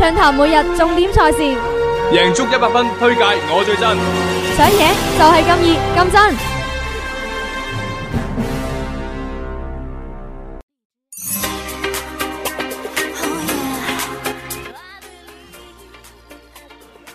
暢談每日重點賽事，贏足一百分，推介我最真，想贏就係咁熱咁真。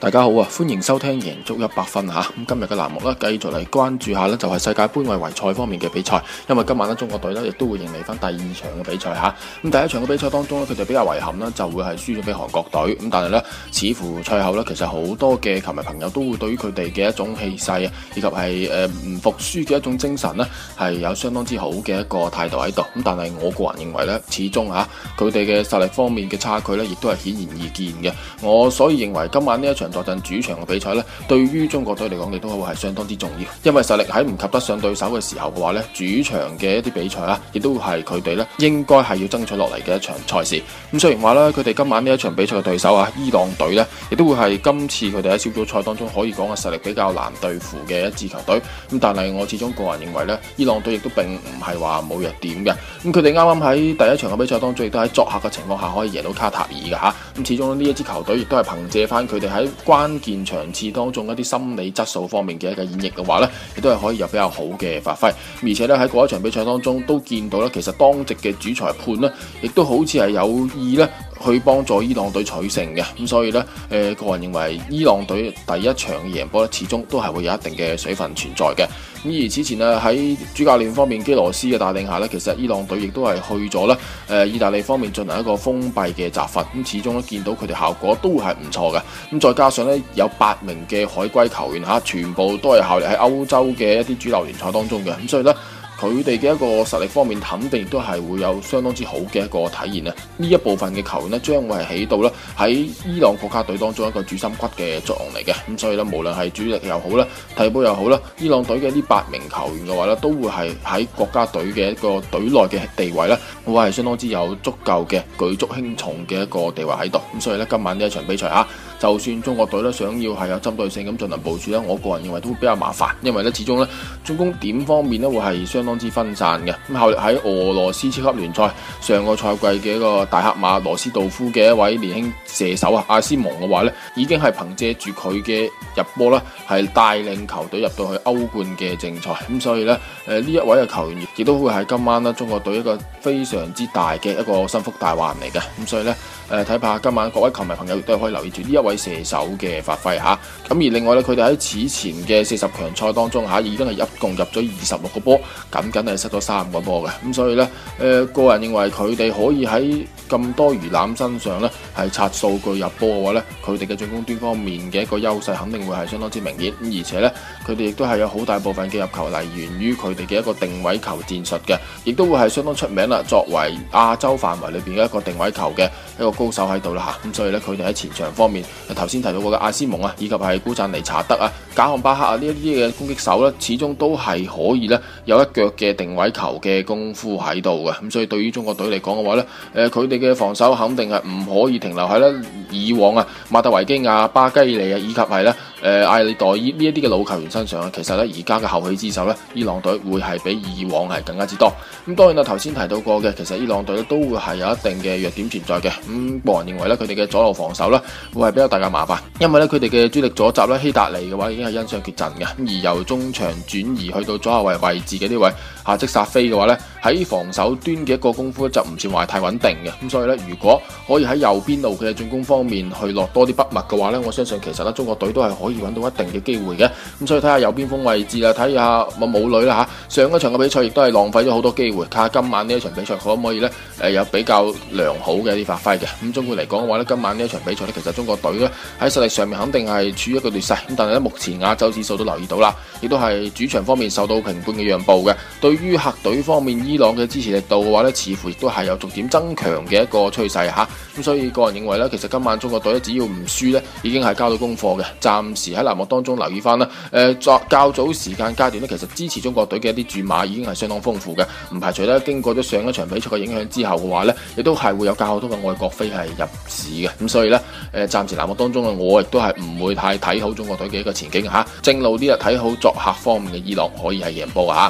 大家好啊，歡迎收聽《贏足一百分》吓、啊，咁今日嘅欄目咧，繼續嚟關注一下呢，就係世界杯外圍賽方面嘅比賽，因為今晚呢，中國隊呢，亦都會迎嚟翻第二場嘅比賽吓。咁、啊、第一場嘅比賽當中呢，佢哋比較遺憾呢，就會係輸咗俾韓國隊。咁、啊、但係呢，似乎賽後呢，其實好多嘅球迷朋友都會對於佢哋嘅一種氣勢啊，以及係誒唔服輸嘅一種精神呢，係有相當之好嘅一個態度喺度。咁、啊、但係我個人認為呢，始終吓佢哋嘅實力方面嘅差距呢，亦都係顯而易見嘅。我所以認為今晚呢一場。作陣主場嘅比賽咧，對於中國隊嚟講亦都係相當之重要，因為實力喺唔及得上對手嘅時候嘅話呢，主場嘅一啲比賽啊，亦都係佢哋咧應該係要爭取落嚟嘅一場賽事。咁雖然話呢，佢哋今晚呢一場比賽嘅對手啊，伊朗隊呢，亦都會係今次佢哋喺小組賽當中可以講嘅實力比較難對付嘅一支球隊。咁但係我始終個人認為呢，伊朗隊亦都並唔係話冇弱點嘅。咁佢哋啱啱喺第一場嘅比賽當中，亦都喺作客嘅情況下可以贏到卡塔爾嘅吓。咁始終呢一支球隊亦都係憑借翻佢哋喺關鍵場次當中一啲心理質素方面嘅一個演繹嘅話呢，亦都係可以有比較好嘅發揮。而且呢，喺嗰一場比賽當中都見到呢，其實當值嘅主裁判呢，亦都好似係有意呢，去幫助伊朗隊取勝嘅，咁所以呢，誒、呃、個人認為伊朗隊第一場贏波咧，始終都係會有一定嘅水分存在嘅。咁而此前咧喺主教練方面基羅斯嘅帶領下呢，其實伊朗隊亦都係去咗咧，誒、呃、意大利方面進行一個封閉嘅集訓，咁始終咧見到佢哋效果都係唔錯嘅。咁再加上呢，有八名嘅海歸球員嚇，全部都係效力喺歐洲嘅一啲主流聯賽當中嘅，咁所以呢。佢哋嘅一個實力方面，肯定都係會有相當之好嘅一個體現咧。呢一部分嘅球員呢將會係起到咧喺伊朗國家隊當中一個主心骨嘅作用嚟嘅。咁所以咧，無論係主力又好啦，替補又好啦，伊朗隊嘅呢八名球員嘅話咧，都會係喺國家隊嘅一個隊內嘅地位咧，會係相當之有足夠嘅舉足輕重嘅一個地位喺度。咁所以咧，今晚呢一場比賽啊！就算中國隊咧想要係有針對性咁進行部署咧，我個人認為都會比較麻煩，因為咧始終咧進攻點方面咧會係相當之分散嘅。咁後嚟喺俄羅斯超級聯賽上個賽季嘅一個大黑馬羅斯道夫嘅一位年輕射手啊，阿斯蒙嘅話咧，已經係憑借住佢嘅入波啦，係帶領球隊入到去歐冠嘅正賽。咁所以咧，誒呢一位嘅球員亦都會係今晚咧中國隊一個非常之大嘅一個心腹大患嚟嘅。咁所以咧。誒睇怕今晚各位球迷朋友亦都係可以留意住呢一位射手嘅發揮吓，咁而另外咧，佢哋喺此前嘅四十強賽當中吓已經係一共入咗二十六個波，僅僅係失咗三個波嘅。咁所以咧，誒、呃、個人認為佢哋可以喺咁多魚腩身上咧係刷數據入波嘅話咧，佢哋嘅進攻端方面嘅一個優勢肯定會係相當之明顯，而且咧，佢哋亦都係有好大部分嘅入球嚟源於佢哋嘅一個定位球戰術嘅，亦都會係相當出名啦。作為亞洲範圍裏邊嘅一個定位球嘅一個高手喺度啦吓，咁所以咧，佢哋喺前場方面，頭先提到過嘅阿斯蒙啊，以及係古贊尼查德啊、賈漢巴克啊呢一啲嘅攻擊手咧，始終都係可以咧有一腳嘅定位球嘅功夫喺度嘅，咁所以對於中國隊嚟講嘅話咧，誒，佢哋嘅防守肯定係唔可以停留喺咧以往啊，馬特維基亞、巴基尼啊，以及係咧。誒，艾利代呢一啲嘅老球員身上，其實咧而家嘅後起之秀咧，伊朗隊會係比以往係更加之多。咁當然啦，頭先提到過嘅，其實伊朗隊咧都會係有一定嘅弱點存在嘅。咁個人認為咧，佢哋嘅左路防守咧，會係比較大嘅麻煩。因為咧佢哋嘅主力左閘咧，希達尼嘅話已經係因傷缺陣嘅。咁而由中場轉移去到左後衛位置嘅呢位，夏積薩菲嘅話咧，喺防守端嘅一個功夫就唔算話太穩定嘅，咁所以咧，如果可以喺右邊路嘅進攻方面去落多啲筆墨嘅話咧，我相信其實咧，中國隊都係可以揾到一定嘅機會嘅。咁所以睇下右邊鋒位置看看啦，睇下麥武磊啦吓，上一場嘅比賽亦都係浪費咗好多機會，睇下今晚呢一場比賽可唔可以咧，誒有比較良好嘅一啲發揮嘅。咁整體嚟講嘅話咧，今晚呢一場比賽咧，其實中國隊咧喺實力上面肯定係處於一個劣勢，咁但係咧目前亞洲指數都留意到啦，亦都係主場方面受到平半嘅讓步嘅，對於客隊方面伊朗嘅支持力度嘅話咧，似乎亦都係有重點增強嘅一個趨勢吓，咁所以個人認為咧，其實今晚中國隊只要唔輸咧，已經係交到功課嘅。暫時喺欄目當中留意翻啦，誒、呃、作較早時間階段咧，其實支持中國隊嘅一啲注碼已經係相當豐富嘅，唔排除咧經過咗上一場比賽嘅影響之後嘅話咧，亦都係會有較多嘅外國飛係入市嘅，咁所以咧，誒、呃、暫時欄目當中啊，我亦都係唔會太睇好中國隊嘅一個前景吓，正路啲啊，睇好作客方面嘅伊朗可以係贏波吓。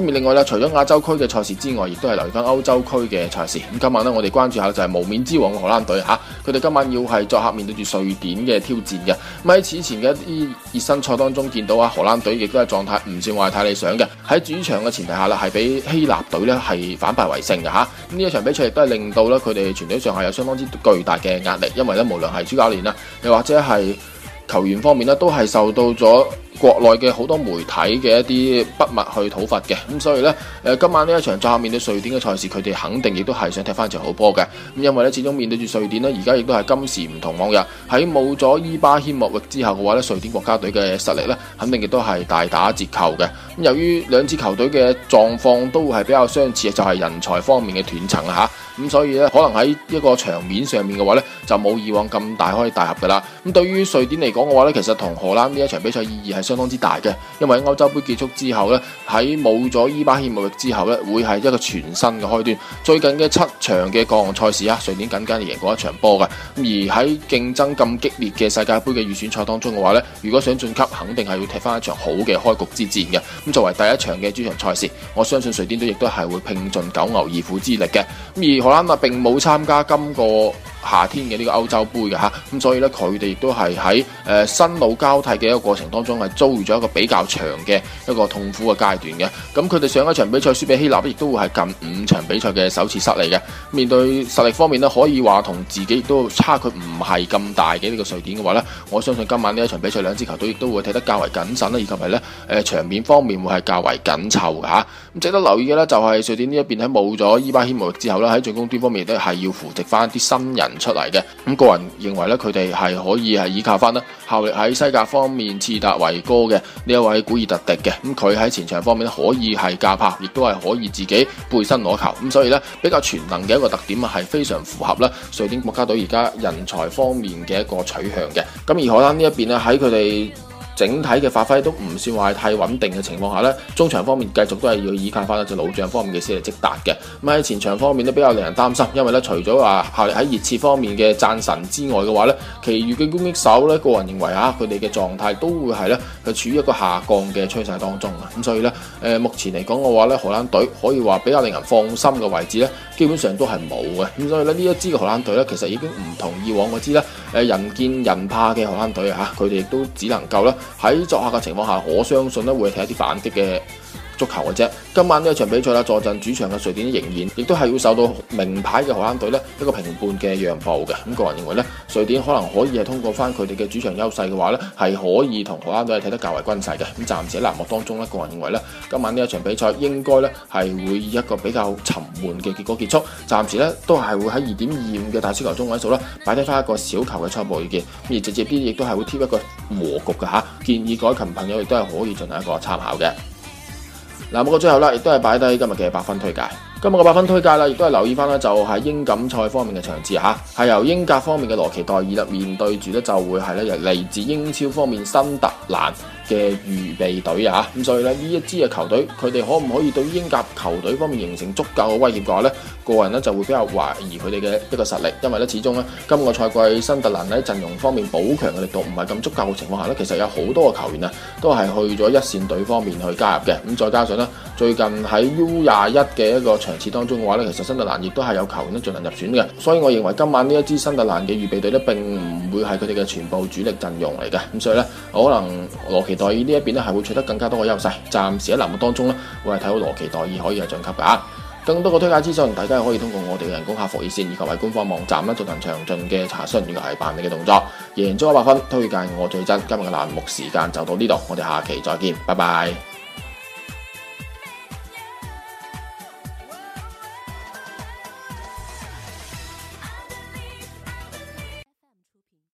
咁另外咧，除咗亞洲區嘅賽事之外，亦都係留意翻歐洲區嘅賽事。咁今晚呢，我哋關注下就係無冕之王荷蘭隊吓，佢哋今晚要係作客面對住瑞典嘅挑戰嘅。咁喺此前嘅一啲熱身賽當中，見到啊荷蘭隊亦都係狀態唔算話太理想嘅。喺主場嘅前提下呢，係俾希臘隊呢，係反敗為勝嘅吓。咁呢一場比賽亦都係令到呢，佢哋全隊上下有相當之巨大嘅壓力，因為呢，無論係主教練啦，又或者係球員方面呢，都係受到咗。國內嘅好多媒體嘅一啲不密去討伐嘅，咁所以呢，誒今晚呢一場再面對瑞典嘅賽事，佢哋肯定亦都係想踢翻場好波嘅。咁因為呢，始終面對住瑞典呢，而家亦都係今時唔同往日，喺冇咗伊巴謙莫域之後嘅話咧，瑞典國家隊嘅實力呢，肯定亦都係大打折扣嘅。咁由於兩支球隊嘅狀況都係比較相似，就係人才方面嘅斷層啊吓。咁所以咧，可能喺一個場面上面嘅話咧，就冇以往咁大開大合嘅啦。咁、嗯、對於瑞典嚟講嘅話咧，其實同荷蘭呢一場比賽意義係相當之大嘅，因為歐洲杯結束之後咧，喺冇咗伊巴希莫力之後咧，會係一個全新嘅開端。最近嘅七場嘅各項賽事啊，瑞典僅僅贏過一場波㗎。咁而喺競爭咁激烈嘅世界盃嘅預選賽當中嘅話咧，如果想進級，肯定係要踢翻一場好嘅開局之戰嘅。咁、嗯、作為第一場嘅主場賽事，我相信瑞典隊亦都係會拼盡九牛二虎之力嘅。咁、嗯、而，羅蘭特並冇參加今個。夏天嘅呢個歐洲杯嘅嚇，咁所以呢，佢哋都係喺誒新老交替嘅一個過程當中，係遭遇咗一個比較長嘅一個痛苦嘅階段嘅。咁佢哋上一場比賽輸俾希臘亦都會係近五場比賽嘅首次失利嘅。面對實力方面呢，可以話同自己亦都差距唔係咁大嘅呢個瑞典嘅話呢，我相信今晚呢一場比賽兩支球隊亦都會睇得較為謹慎啦，以及係呢誒、呃、場面方面會係較為緊湊嘅嚇。咁值得留意嘅呢，就係瑞典呢一邊喺冇咗伊巴謙莫域之後，呢喺進攻端方面都係要扶植翻啲新人。出嚟嘅咁，個人認為咧，佢哋係可以係依靠翻啦。效力喺西甲方面刺達為高的，次達維哥嘅呢一位古爾特迪嘅，咁佢喺前場方面可以係架拍，亦都係可以自己背身攞球。咁所以呢，比較全能嘅一個特點啊，係非常符合啦。瑞典國家隊而家人才方面嘅一個取向嘅，咁而荷蘭呢一邊呢，喺佢哋。整體嘅發揮都唔算話太穩定嘅情況下呢，中場方面繼續都係要倚靠翻一隻老將方面嘅先嚟積達嘅。咁喺前場方面都比較令人擔心，因為咧除咗話效力喺熱刺方面嘅讚神之外嘅話呢，其餘嘅攻擊手呢，個人認為嚇佢哋嘅狀態都會係呢，係處於一個下降嘅趨勢當中啊。咁所以呢，誒、呃、目前嚟講嘅話呢，荷蘭隊可以話比較令人放心嘅位置呢，基本上都係冇嘅。咁所以呢，呢一支嘅荷蘭隊呢，其實已經唔同以往嗰支呢，誒人見人怕嘅荷蘭隊嚇，佢哋都只能夠咧。喺作客嘅情況下，我相信咧會睇一啲反擊嘅。足球嘅啫，今晚呢一場比賽啦，坐鎮主場嘅瑞典仍然亦都係會受到名牌嘅荷蘭隊呢一個平半嘅讓步嘅。咁個人認為呢，瑞典可能可以係通過翻佢哋嘅主場優勢嘅話呢，係可以同荷蘭隊係睇得較為均勢嘅。咁暫時喺藍幕當中呢，個人認為呢，今晚呢一場比賽應該咧係會以一個比較沉悶嘅結果結束。暫時呢都係會喺二點二五嘅大小球中位數呢擺低翻一個小球嘅初步意見。咁而直接啲亦都係會貼一個和局嘅嚇，建議各位琴朋友亦都係可以進行一個參考嘅。嗱，不過最後啦，亦都係擺低今日嘅八分推介。今日嘅八分推介啦，亦都係留意翻咧，就係英錦賽方面嘅場次吓，係由英格方面嘅羅奇代爾面對住咧，就會係咧由嚟自英超方面新特蘭。嘅預備隊啊，咁所以咧呢一支嘅球隊，佢哋可唔可以對英甲球隊方面形成足夠嘅威脅嘅話呢，個人呢就會比較懷疑佢哋嘅一個實力，因為呢，始終呢，今個賽季新特蘭喺陣容方面補強嘅力度唔係咁足夠嘅情況下呢，其實有好多嘅球員啊都係去咗一線隊方面去加入嘅，咁再加上呢。最近喺 U 廿一嘅一個場次當中嘅話咧，其實新特蘭亦都係有球員進行入選嘅，所以我認為今晚呢一支新特蘭嘅預備隊咧並唔會係佢哋嘅全部主力陣容嚟嘅，咁所以咧，我可能羅奇代爾呢一邊咧係會取得更加多嘅優勢，暫時喺欄目當中咧我係睇到羅奇代爾可以係進級嘅。更多嘅推介資訊，大家係可以通過我哋嘅人工客服熱線以及係官方網站咧進行詳盡嘅查詢以及係辦理嘅動作。贏足 100FUN，推介我最真。今日嘅欄目時間就到呢度，我哋下期再見，拜拜。